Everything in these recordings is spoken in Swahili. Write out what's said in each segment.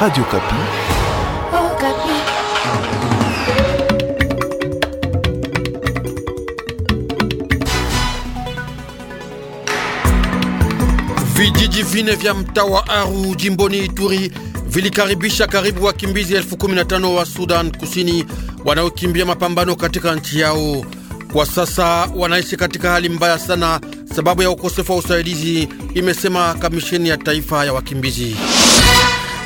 Radio Kapi. Oh, Kapi. Vijiji vine vya mtawa wa Aru jimboni Ituri vilikaribisha karibu wakimbizi elfu kumi na tano wa Sudan Kusini wanaokimbia mapambano katika nchi yao. Kwa sasa wanaishi katika hali mbaya sana sababu ya ukosefu wa usaidizi, imesema kamisheni ya taifa ya wakimbizi.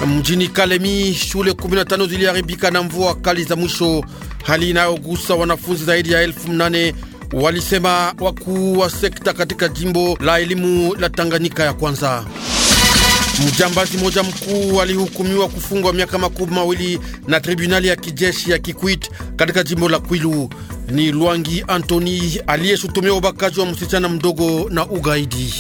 Mjini Kalemi shule 15 ziliharibika na mvua kali za mwisho, hali inayogusa wanafunzi zaidi ya elfu walisema wakuu wa sekta katika jimbo la elimu la Tanganyika ya kwanza. Mjambazi moja mkuu alihukumiwa kufungwa miaka makumi mawili na tribunali ya kijeshi ya Kikwit katika jimbo la Kwilu. Ni Lwangi antoni aliyeshutumiwa ubakaji wa msichana mdogo na ugaidi.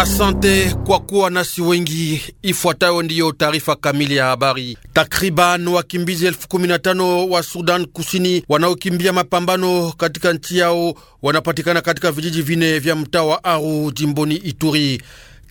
Asante kwa kuwa nasi wengi. Ifuatayo ndiyo taarifa kamili ya habari. Takriban wakimbizi elfu kumi na tano wa Sudan Kusini wanaokimbia mapambano katika nchi yao wanapatikana katika vijiji vine vya mtaa wa Aru jimboni Ituri.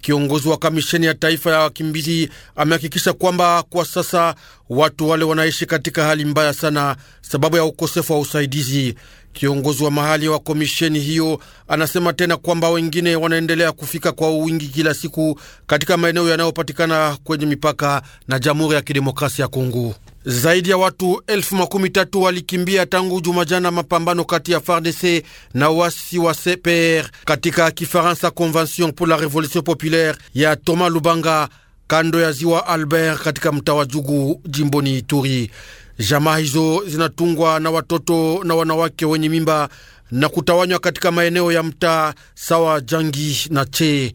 Kiongozi wa kamisheni ya taifa ya wakimbizi amehakikisha kwamba kwa sasa watu wale wanaishi katika hali mbaya sana, sababu ya ukosefu wa usaidizi. Kiongozi wa mahali wa komisheni hiyo anasema tena kwamba wengine wanaendelea kufika kwa wingi kila siku katika maeneo yanayopatikana kwenye mipaka na Jamhuri ya Kidemokrasia ya Kongo. Zaidi ya watu elfu makumi tatu walikimbia tangu Jumajana mapambano kati ya FARDC na wasi wa CPR katika Kifaransa, Convention pour la Revolution Populaire ya Thomas Lubanga kando ya ziwa Albert katika mtaa wa Jugu jimboni Ituri. Jamaa hizo zinatungwa na watoto na wanawake wenye mimba na kutawanywa katika maeneo ya mtaa sawa Jangi na Che.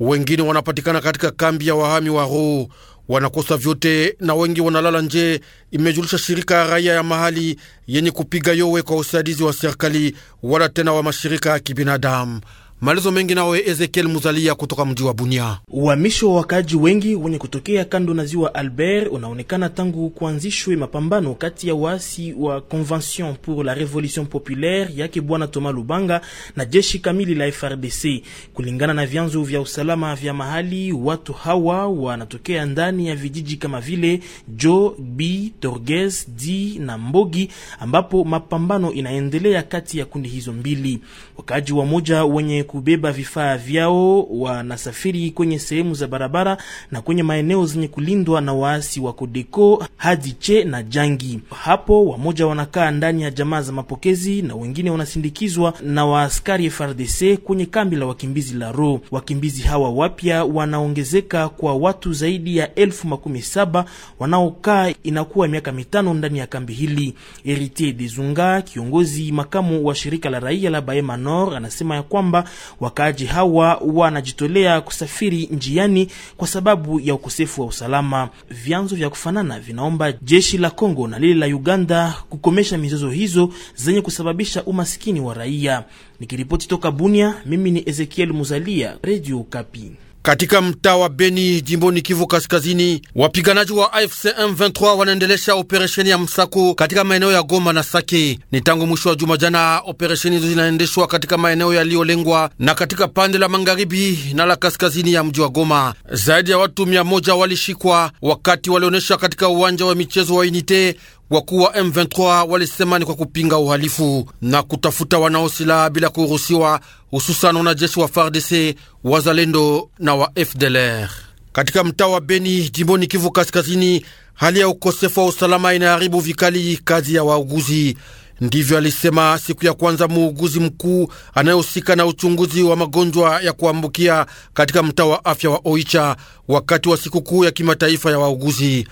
Wengine wanapatikana katika kambi ya wahami wa Ruu, wanakosa vyote na wengi wanalala nje, imejulisha shirika ya raia ya mahali yenye kupiga yowe kwa usaidizi wa serikali wala tena wa mashirika ya kibinadamu. Malizo mengi nawe Ezekiel Muzalia kutoka mji wa Bunia. Uhamisho wa wakaaji wengi wenye kutokea kando na ziwa Albert unaonekana tangu kuanzishwe mapambano kati ya waasi wa Convention pour la Revolution Populaire yake Bwana Thomas Lubanga na jeshi kamili la FRDC. Kulingana na vyanzo vya usalama vya mahali, watu hawa wanatokea ndani ya vijiji kama vile Jo B, Torges D na Mbogi, ambapo mapambano inaendelea kati ya kundi hizo mbili. Wakaaji wa moja wenye kubeba vifaa vyao wanasafiri kwenye sehemu za barabara na kwenye maeneo zenye kulindwa na waasi wa Kodeko hadi Che na Jangi. Hapo wamoja wanakaa ndani ya jamaa za mapokezi na wengine wanasindikizwa na waaskari FRDC kwenye kambi la wakimbizi la Ro. Wakimbizi hawa wapya wanaongezeka kwa watu zaidi ya elfu makumi saba wanaokaa inakuwa miaka mitano ndani ya kambi hili. Heritier Dezunga, kiongozi makamu wa shirika la raia la baemanor Nord, anasema ya kwamba Wakaaji hawa wanajitolea kusafiri njiani kwa sababu ya ukosefu wa usalama. Vyanzo vya kufanana vinaomba jeshi la Kongo na lile la Uganda kukomesha mizozo hizo zenye kusababisha umasikini wa raia. Nikiripoti toka Bunia, mimi ni Ezekiel Muzalia, Radio Kapi. Katika mtaa wa Beni jimboni Kivu Kaskazini, wapiganaji wa AFC M23 wanaendelesha operesheni ya msako katika maeneo ya Goma na Sake. Ni tangu mwisho wa juma jana, operesheni hizo zinaendeshwa katika maeneo yaliyolengwa na katika pande la magharibi na la kaskazini ya mji wa Goma. Zaidi ya watu mia moja walishikwa wakati walionesha katika uwanja wa michezo wa Unite wakuu wa M23 walisema ni kwa kupinga uhalifu na kutafuta wanaosilaha bila kuruhusiwa, hususan wanajeshi wa FARDC, wazalendo na wa FDLR katika mtaa wa Beni, jimboni Kivu Kaskazini. Hali ya ukosefu wa usalama inaharibu vikali kazi ya wauguzi. Ndivyo alisema siku ya kwanza muuguzi mkuu anayehusika na uchunguzi wa magonjwa ya kuambukia katika mtaa wa afya wa Oicha wakati wa sikukuu ya kimataifa ya wauguzi.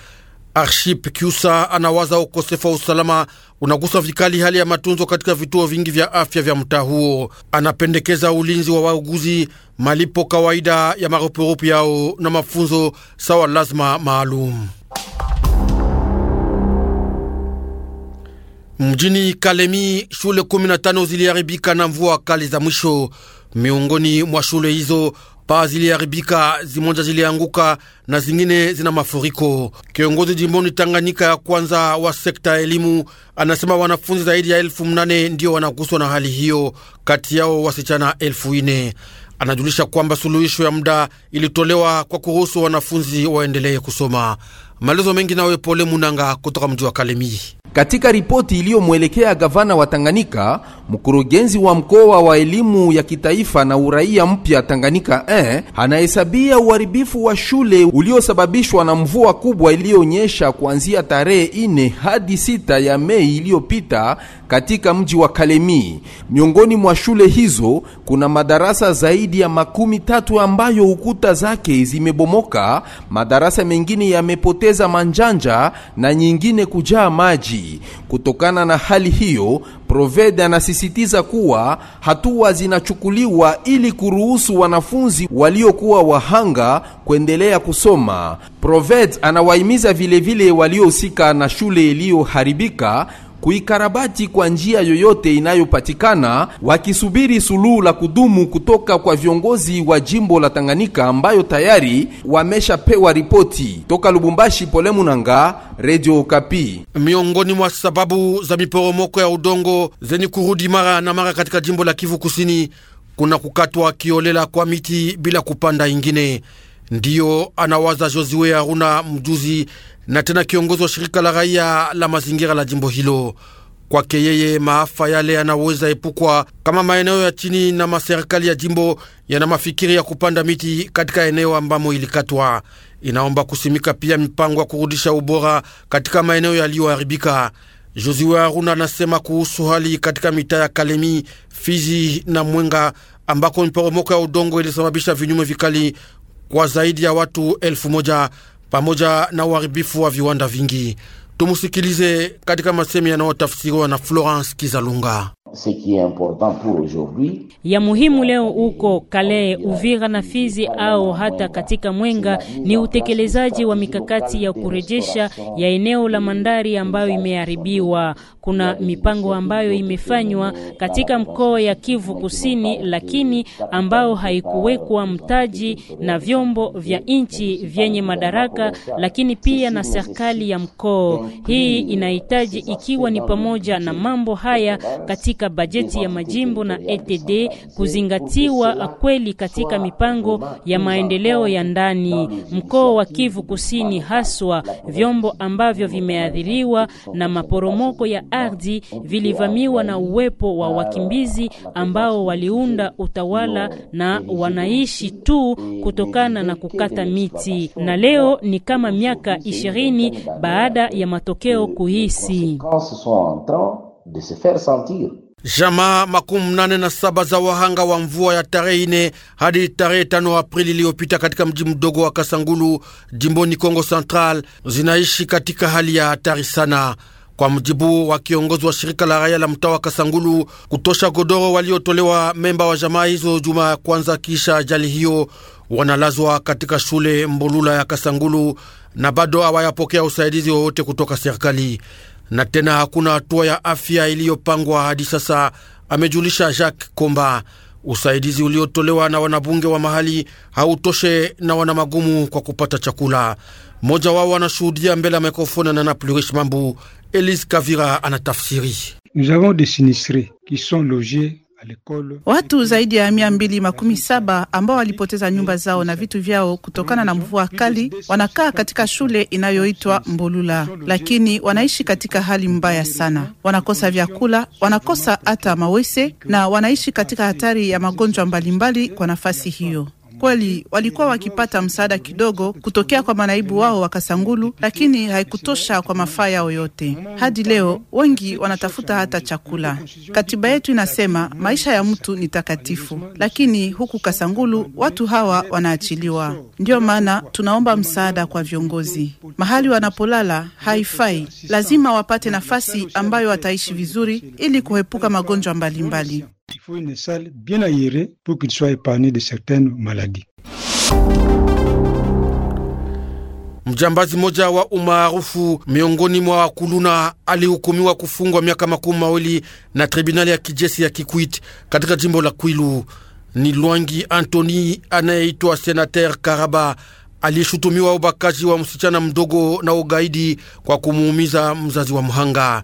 Arship Kiusa anawaza ukosefu wa usalama unagusa vikali hali ya matunzo katika vituo vingi vya afya vya mtaa huo. Anapendekeza ulinzi wa wauguzi, malipo kawaida ya marupurupu yao na mafunzo sawa lazima maalum. Mjini Kalemi shule 15 ziliharibika na mvua kali za mwisho. Miongoni mwa shule hizo paa ziliharibika, zimoja zilianguka na zingine zina mafuriko. Kiongozi jimboni Tanganyika ya kwanza wa sekta ya elimu anasema wanafunzi zaidi ya elfu mnane ndiyo wanaguswa na hali hiyo, kati yao wasichana elfu ine. Anajulisha kwamba suluhisho ya muda ilitolewa kwa kuruhusu wanafunzi waendelee kusoma. Maelezo mengi nawe Pole Munanga kutoka mji wa Kalemi. Katika ripoti iliyomwelekea gavana wa Tanganyika, Mkurugenzi wa mkoa wa elimu ya kitaifa na uraia mpya Tanganyika eh, anahesabia uharibifu wa shule uliosababishwa na mvua kubwa iliyonyesha kuanzia tarehe ine hadi sita ya Mei iliyopita katika mji wa Kalemi. Miongoni mwa shule hizo kuna madarasa zaidi ya makumi tatu ambayo ukuta zake zimebomoka, madarasa mengine yamepoteza manjanja na nyingine kujaa maji. Kutokana na hali hiyo Provede anasisitiza kuwa hatua zinachukuliwa ili kuruhusu wanafunzi waliokuwa wahanga kuendelea kusoma. Provede anawahimiza vilevile waliohusika na shule iliyoharibika kuikarabati kwa njia yoyote inayopatikana, wakisubiri suluhu la kudumu kutoka kwa viongozi wa jimbo la Tanganyika ambayo tayari wameshapewa ripoti toka Lubumbashi. Pole Munanga, Radio Kapi. Miongoni mwa sababu za miporomoko ya udongo zenye kurudi mara na mara katika jimbo la Kivu Kusini kuna kukatwa kiolela kwa miti bila kupanda ingine. Ndiyo anawaza Josue Aruna, mjuzi na tena kiongozi wa shirika la raia la mazingira la jimbo hilo. Kwake yeye, maafa yale yanaweza epukwa kama maeneo ya chini na maserikali ya jimbo yana mafikiri ya kupanda miti katika eneo ambamo ilikatwa. Inaomba kusimika pia mipango ya kurudisha ubora katika maeneo yaliyoharibika. Josue Aruna anasema kuhusu hali katika mitaa ya Kalemi, Fizi na Mwenga ambako miporomoko ya udongo ilisababisha vinyume vikali kwa zaidi ya watu elfu moja pamoja na uharibifu wa viwanda vingi. Tumusikilize katika masemi yanayotafsiriwa na Florence Kizalunga. Ya muhimu leo huko Kale, Uvira na Fizi au hata katika Mwenga ni utekelezaji wa mikakati ya kurejesha ya eneo la mandari ambayo imeharibiwa kuna yaani mipango ambayo imefanywa katika mkoa ya Kivu Kusini, lakini ambao haikuwekwa mtaji na vyombo vya nchi vyenye madaraka, lakini pia na serikali ya mkoa. Hii inahitaji ikiwa ni pamoja na mambo haya katika bajeti ya majimbo na ETD kuzingatiwa kweli katika mipango ya maendeleo ya ndani mkoa wa Kivu Kusini, haswa vyombo ambavyo vimeathiriwa na maporomoko ya ardhi vilivamiwa na uwepo wa wakimbizi ambao waliunda utawala na wanaishi tu kutokana na kukata miti, na leo ni kama miaka ishirini baada ya matokeo kuhisi Jamaa makumi mnane na saba za wahanga wa mvua ya tarehe ine hadi tarehe tano Aprili iliyopita katika mji mdogo wa Kasangulu jimboni Kongo Central zinaishi katika hali ya hatari sana kwa mjibu wa kiongozi wa shirika la raia la mtaa wa Kasangulu, kutosha godoro waliotolewa memba wa jamaa hizo juma ya kwanza kisha ajali hiyo, wanalazwa katika shule Mbulula ya Kasangulu na bado hawayapokea usaidizi wowote kutoka serikali, na tena hakuna hatua ya afya iliyopangwa hadi sasa, amejulisha Jacques Komba. Usaidizi uliotolewa na wanabunge wa mahali hautoshe na wana magumu kwa kupata chakula. Mmoja wao anashuhudia mbele ya mikrofoni na Naplurish Mambu Elise Kavira anatafsiri. Nous avons des sinistres qui sont loges watu zaidi ya mia mbili makumi saba ambao walipoteza nyumba zao na vitu vyao kutokana na mvua kali wanakaa katika shule inayoitwa Mbolula, lakini wanaishi katika hali mbaya sana. Wanakosa vyakula, wanakosa hata mawese na wanaishi katika hatari ya magonjwa mbalimbali kwa nafasi hiyo. Kweli walikuwa wakipata msaada kidogo kutokea kwa manaibu wao wa Kasangulu, lakini haikutosha kwa mafaa yao yote. Hadi leo wengi wanatafuta hata chakula. Katiba yetu inasema maisha ya mtu ni takatifu, lakini huku Kasangulu watu hawa wanaachiliwa. Ndiyo maana tunaomba msaada kwa viongozi. Mahali wanapolala haifai, lazima wapate nafasi ambayo wataishi vizuri ili kuhepuka magonjwa mbalimbali mbali. Il faut une salle bien aérée pour qu'il soit épargné de certaines maladies. Mjambazi moja wa umaarufu miongoni mwa wakuluna alihukumiwa kufungwa miaka makumi mawili na tribunali ya kijeshi ya Kikwit katika jimbo la Kwilu. Ni Lwangi Antoni anayeitwa senater Karaba aliyeshutumiwa ubakaji wa msichana mdogo na ugaidi kwa kumuumiza mzazi wa mhanga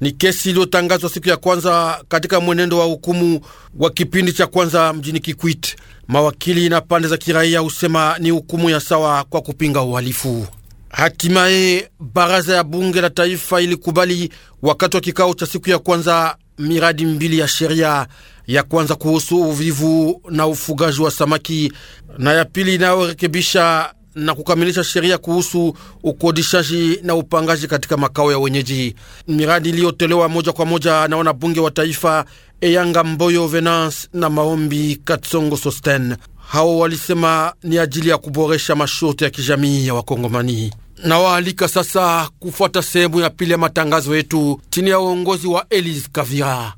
ni kesi iliyotangazwa siku ya kwanza katika mwenendo wa hukumu wa kipindi cha kwanza mjini Kikwit. Mawakili na pande za kiraia husema ni hukumu ya sawa kwa kupinga uhalifu. Hatimaye, baraza ya bunge la taifa ilikubali wakati wa kikao cha siku ya kwanza miradi mbili ya sheria, ya kwanza kuhusu uvivu na ufugaji wa samaki na ya pili inayorekebisha na kukamilisha sheria kuhusu ukodishaji na upangaji katika makao ya wenyeji, miradi iliyotolewa moja kwa moja na wanabunge wa taifa Eyanga Mboyo Venance na Maombi Katsongo Sosten. Hao walisema ni ajili ya kuboresha masharti ya kijamii ya Wakongomani. Nawaalika sasa kufuata sehemu ya pili ya matangazo yetu chini ya uongozi wa Elise Kavira.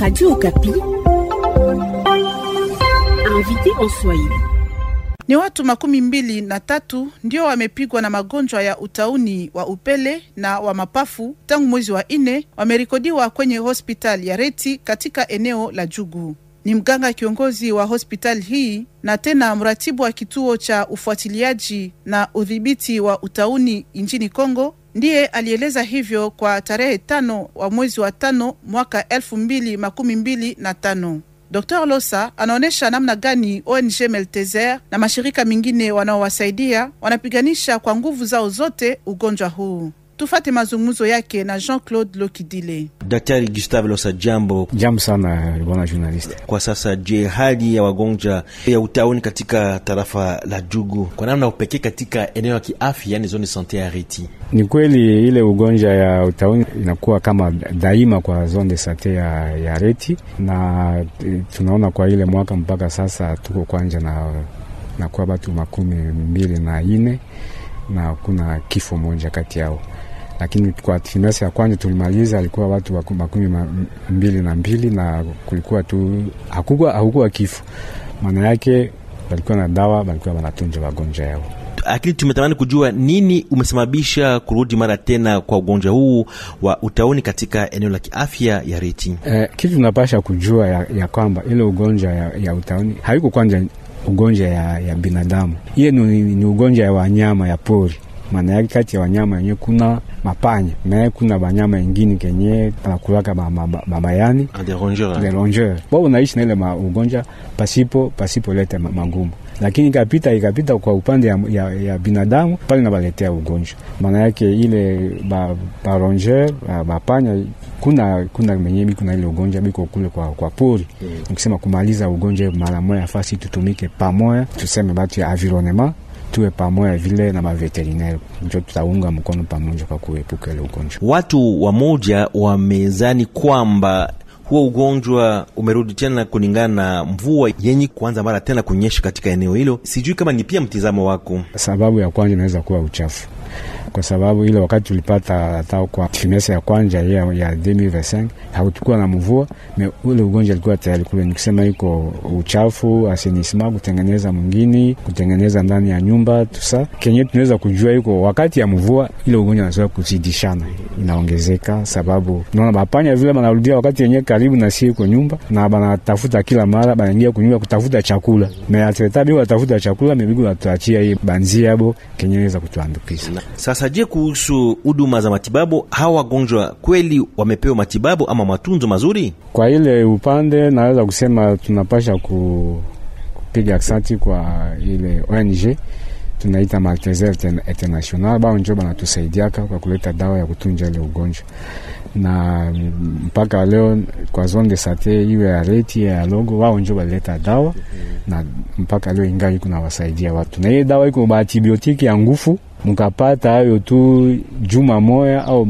Radio Okapi invité en Swahili. Ni watu makumi mbili na tatu ndio wamepigwa na magonjwa ya utauni wa upele na wa mapafu tangu mwezi wa nne, wamerekodiwa kwenye hospitali ya Reti katika eneo la Jugu. Ni mganga kiongozi wa hospitali hii na tena mratibu wa kituo cha ufuatiliaji na udhibiti wa utauni nchini Kongo ndiye alieleza hivyo kwa tarehe tano wa mwezi wa tano mwaka elfu mbili makumi mbili na tano. Dr. Losa anaonyesha namna gani ONG Melteser na mashirika mengine wanaowasaidia wanapiganisha kwa nguvu zao zote ugonjwa huu. Tufate mazungumzo yake na Jean-Claude Lokidile. Daktari Gustave Losa, jambo. Jambo sana bwana journalist. Kwa sasa, je, hali ya wagonjwa ya utauni katika tarafa la Jugu kwa namna upekee katika eneo ya kiafya, yani zone sante ya Reti? Ni kweli ile ugonjwa ya utauni inakuwa kama daima kwa zone de sante ya, ya Reti, na tunaona kwa ile mwaka mpaka sasa tuko kwanja na nakuwa batu makumi mbili na ine na kuna kifo moja kati yao lakini kwa trimestre ya kwanza tulimaliza alikuwa watu makumi mbili na mbili na kulikuwa tu hakukuwa, hakukuwa kifo. Maana yake walikuwa na dawa, walikuwa wanatunza wagonjwa yao. Lakini tumetamani kujua nini umesababisha kurudi mara tena kwa ugonjwa huu wa utauni katika eneo la kiafya ya Reti. Eh, kitu tunapasha kujua ya, ya kwamba ile ugonjwa ya, ya utauni haiko kwanza ugonjwa ya, ya binadamu, hiyo ni, ni ugonjwa ya wanyama ya pori maana yake kati ya wanyama wenyewe kuna mapanya me kuna banyama wengine kenye anakulaka mamayani ah, rongeur bo unaishi naile ugonjwa pasipo leta magumu lakini ikapita ikapita kwa upande ya, ya, ya binadamu pale nabaletea ugonjwa. Maana yake ile baronger ba bapanya kuna kuna menye biko na ile ugonjwa biko kule kwa, kwa pori mm. Nikisema kumaliza ugonjwa mara moya, fasi tutumike pamoya, tuseme batu ya environnement tuwe pamoja vile na maveterineri, njo tutaunga mkono pamoja kwa kuepuka ile ugonjwa. Watu wamoja wamezani kwamba huo ugonjwa umerudi tena kulingana na mvua yenye kuanza mara tena kunyesha katika eneo hilo. Sijui kama ni pia mtizamo wako. Sababu ya kwanza inaweza kuwa uchafu kwa sababu ile wakati tulipata hata kwa trimestre ya kwanja ya, ya 2025 hautukua na mvua me ule ugonjwa alikuwa tayari kule, nikisema iko uchafu asinisima kutengeneza mwingine kutengeneza ndani ya nyumba tusa kenye tunaweza kujua iko wakati ya mvua ile ugonjwa unaweza kuzidishana inaongezeka, sababu naona bapanya vile banarudia wakati yenye karibu na sie iko nyumba na banatafuta kila mara banaingia kunyumba kutafuta chakula me atetabi watafuta chakula mebigu natuachia hii banzi yabo kenye weza kutuandukisa sasa sasa Je, kuhusu huduma za matibabu, hawa wagonjwa kweli wamepewa matibabu ama matunzo mazuri? Kwa ile upande naweza kusema tunapasha ku, kupiga asanti kwa ile ONG tunaita Malteser International, bao njo banatusaidiaka kwa kuleta dawa ya kutunja ile ugonjwa, na mm, mpaka leo kwa zone de sante iwe ya Reti ya Logo, wao njo baleta dawa na mpaka leo ingali kuna wasaidia watu na ile dawa iko baantibiotiki ya ngufu mkapata hayo tu juma moya au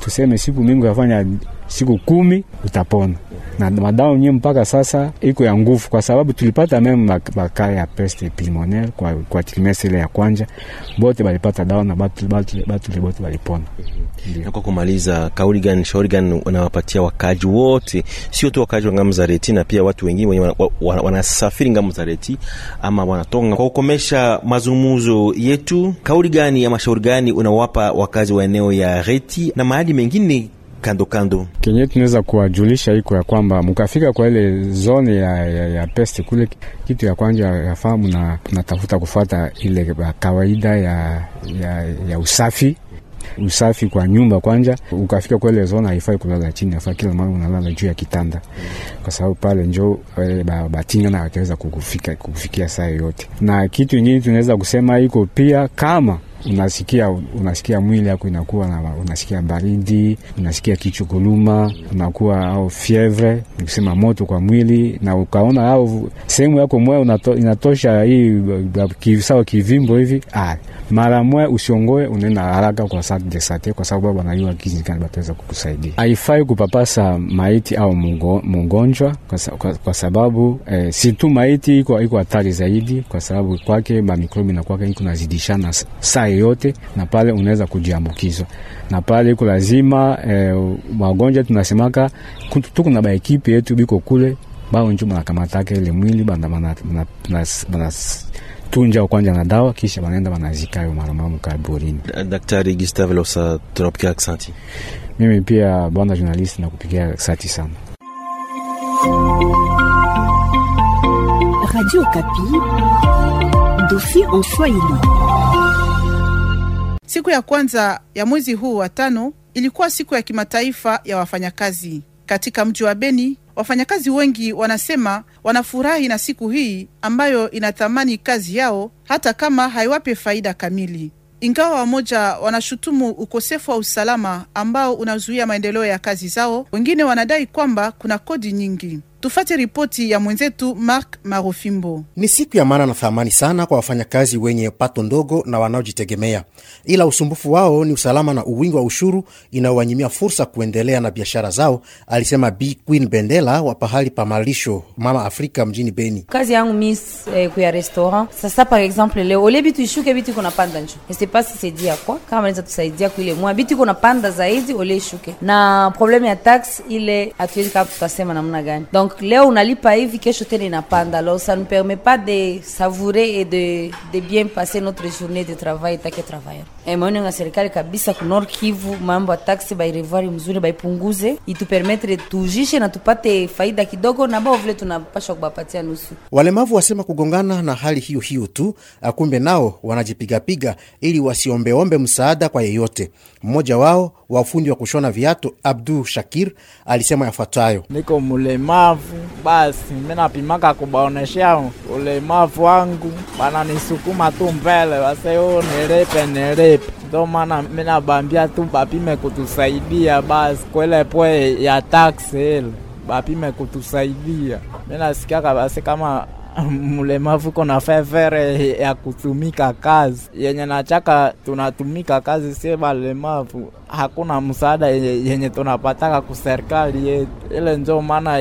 tuseme siku mingi kafanya siku kumi utapona. Na madawa nyewe mpaka sasa iko ya nguvu, kwa sababu tulipata meme bakare ya peste pulmonaire kwa, kwa trimestre ile ya kwanja, bote balipata dawa na batu, batu, batu bote balipona. Na kwa kumaliza, kauli gani, shauri gani unawapatia wakaji wote, sio tu wakaji wa ngamu za reti, na pia watu wengine wenye wanasafiri ngamu za reti ama wanatonga? Kwa kukomesha mazungumzo yetu, kauli gani ama shauri gani unawapa wakazi wa eneo ya reti na mahali mengine kando kando. Kenye tunaweza kuwajulisha iko ya kwamba mkafika kwa ile zone ya, ya, ya peste kule, kitu ya kwanja yafahamu na natafuta kufuata ile kawaida ya, ya, ya usafi usafi kwa nyumba kwanja. Ukafika kwa ile zone, haifai kulala chini, afa kila mara unalala juu ya kitanda, kwa sababu pale njo eh, ba, batinga na wataweza kukufika kukufikia saa yoyote. Na kitu ingine tunaweza kusema iko pia kama unasikia unasikia mwili yako inakuwa na, unasikia baridi, unasikia kichukuluma, unakuwa au fievre, nikusema moto kwa mwili, na ukaona au sehemu yako mwe unato, inatosha hii kisawa kivimbo hivi ah, mara mwe usiongoe, unaenda haraka kwa sante de sante, kwa sababu wanajua kizikani bataweza kukusaidia. Haifai kupapasa maiti au mgonjwa kwa, kwa sababu eh, si tu maiti iko hatari zaidi, kwa sababu kwake mamikrobi mikrobi na kwake iko nazidishana sai yoyote, na pale unaweza kujiambukizwa, na pale iko lazima eh, wagonjwa eh, tunasemaka tuko na baekipe yetu biko kule bao njo banakamataka ile mwili tunja kwanja na dawa kisha wanaenda hiyo mara mama kaburini. Daktari Gustave Losa, tunakupigia asante. Mimi pia bwana journalist, kupigia sati sana. Radio Kapi, Dofi en Swahili. Siku ya kwanza ya mwezi huu wa tano ilikuwa siku ya kimataifa ya wafanyakazi katika mji wa Beni. Wafanyakazi wengi wanasema wanafurahi na siku hii ambayo inathamani kazi yao hata kama haiwape faida kamili, ingawa wamoja wanashutumu ukosefu wa usalama ambao unazuia maendeleo ya kazi zao. Wengine wanadai kwamba kuna kodi nyingi. Tufate ripoti ya mwenzetu Mark Marofimbo. Ni siku ya maana na thamani sana kwa wafanyakazi wenye pato ndogo na wanaojitegemea, ila usumbufu wao ni usalama na uwingi wa ushuru inayowanyimia fursa kuendelea na biashara zao, alisema B Queen Bendela wa pahali pa malisho Mama Afrika mjini Beni. Kazi yangu mis eh, kuya restaurant sasa, par exemple leo ole bitu ishuke bitu iko panda njo esepasi sedia kwa kama naweza tusaidia kuile mwa bitu iko panda zaidi ole ishuke na probleme ya tax ile hatuwezi kama tutasema namna gani Donc, Donc leo unalipa hivi, kesho tena inapanda. Alors ça ne permet pas de savourer et de, de bien passer notre journée de travail take travailleur. E, maoni ya serikali kabisa ku Nord Kivu, mambo ya taksi bairevari mzuri baipunguze, itupermetre tujishe na tupate faida kidogo, na bao vile tunapasha kubapatia nusu. Walemavu wasema kugongana na hali hiyo hiyo tu, akumbe nao wanajipigapiga ili wasiombeombe msaada kwa yeyote. Mmoja wao wafundi wa kushona viatu Abdu Shakir alisema yafuatayo: niko mulemavu ulemavu basi, mimi napimaka kubaonesha ulemavu wangu, bananisukuma tu mbele, waseyo oh, nilipe nilipe ndo maana mimi nabambia tu bapime kutusaidia basi, kwele pwe ya taksi ile bapime kutusaidia. Mimi nasikiaka basi kama mlemavu kona fevere ya kutumika kazi yenye nachaka tunatumika kazi sie balemavu, hakuna msaada yenye tunapataka kuserikali yetu, ile njo maana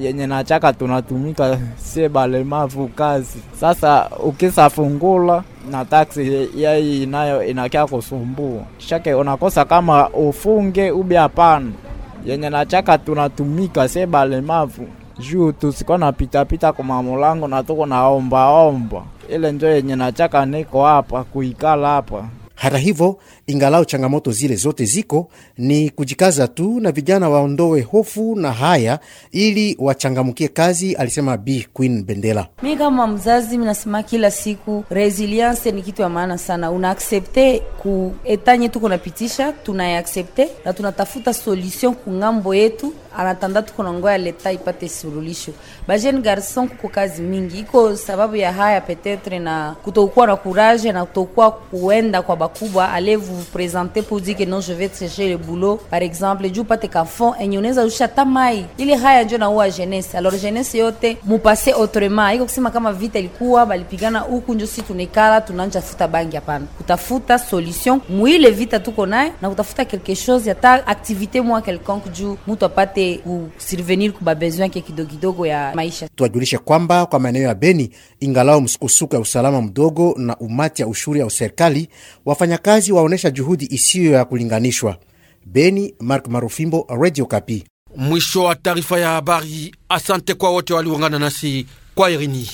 yenye nachaka tunatumika sie balemavu kazi. Sasa ukisafungula na taksi yai inayo inakia kusumbua shake, unakosa kama ufunge ubi hapana, yenye nachaka tunatumika sie balemavu juu tusiko napitapita kumamulango na tuko naombaomba, ile njo yenye nachaka niko hapa kuikala hapa. Hata hivyo Ingalau changamoto zile zote ziko, ni kujikaza tu na vijana waondoe hofu na haya ili wachangamkie kazi, alisema B Queen Bendela. Mi kama mzazi minasema kila siku resilience ni kitu ya maana sana, una aksepte ku etanye tuko napitisha, tunayeaksepte na tunatafuta solution kungambo yetu anatanda tuko na ngoya leta ipate suluhisho. Bajeni garson kuko kazi mingi iko sababu ya haya petetre na kutokuwa na kuraje na kutokuwa kuenda kwa bakubwa alevu vous vous présentez pour dire que non, je vais chercher le boulot, par exemple, juu upate kafon enye unaweza ushata mai. Ile haya ndio naua jeunesse. Alors jeunesse yote mupase autrement, haiko kusema kama vita ilikuwa balipigana huku ndio sisi tunekala tunanja futa bangi. Hapana, kutafuta solution mwile vita tuko naye na kutafuta quelque chose yata activité mwa quelconque juu mtu apate kusurvenir kuba besoin yake kidogo kidogo ya maisha. Tuwajulishe kwamba kwa maeneo ya Beni ingalao msukusuku ya usalama mdogo na umati ya ushuri ya serikali, wafanyakazi waonesha kuonyesha juhudi isiyo ya kulinganishwa. Beni, Mark Marufimbo, Radio Kapi. Mwisho wa taarifa ya habari. Asante kwa wote waliungana nasi kwa Irini.